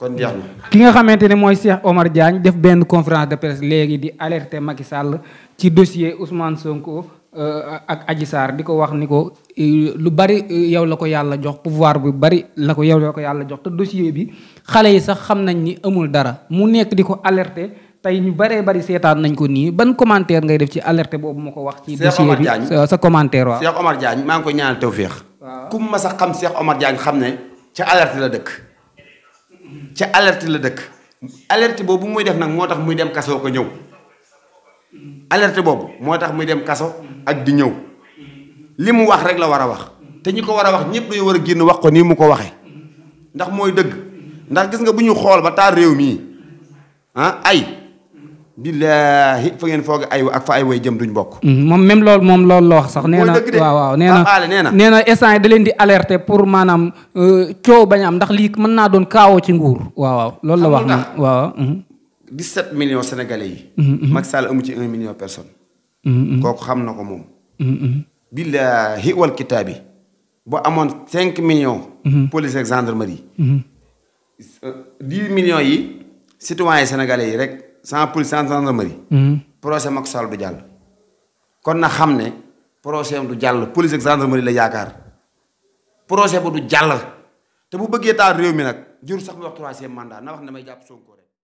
kon jeex na ki nga xamante ne mooy Cheikh Omar Diagne def benn conférence de presse léegi di alerter Macky sàll ci dossier Ousmane Sonko euh, ak Adji Sarr di ko wax ni ko euh, lu bari euh, yow la ko yàlla jox pouvoir bu bari la ko yow la ko yàlla jox te dossier bi xale yi sax xam nañ ni amul dara mu nekk di ko alerte tey ñu baree bari seetaan nañ ko nii ban commentaire ngay def ci alerte boobu moo ko wax. ci dossier bi sa commentaire waaw. Cheikh Omar Diagne maa ngi ko ñaanal tawféex. waaw ma sa xam Cheikh Omar Diagne xam ne ca alerte la dëkk. ca alerte la dëkk alerte boobu muy def nag moo tax muy dem kasoo ko ñëw alerte boobu moo tax muy dem kaso ak di ñëw li mu wax rek la war a wax te ñi ko war a wax ñëpp dañu war a génn wax ko nii mu ko waxee ndax mooy dëgg ndax gis nga bu ñu xool ba taal réew mii ah ay billaahi fa ngeen foog ay ak fa ay way jëm duñ bokk. Mm-hmm. moom même loolu moom loolu la wax sax. nee waaw waaw nee na da leen di alerter pour maanaam euh, coow bañ am ndax lii mën naa doon kaawoo ci nguur. waaw waaw la wax moom waaw. 17 mm-hmm. millions sénégalais yi. Mm-hmm, Macky Sall amu ci 1 million personne. kooku xam na ko moom. billaahi wal kitaabi bu amoon 5 millions. police ak gendarmerie. 10 euh, millions yi citoyens sénégalais yi rek. sans police sans gendarmerie. Hmm. procès Macky Sall du jàll. kon na xam ne procès am du jàll police ak la yaakaar procès ba du jàll te bu bëggee taal réew mi nag jur sax mu wax troisième mandat na wax ne damay jàpp Sonko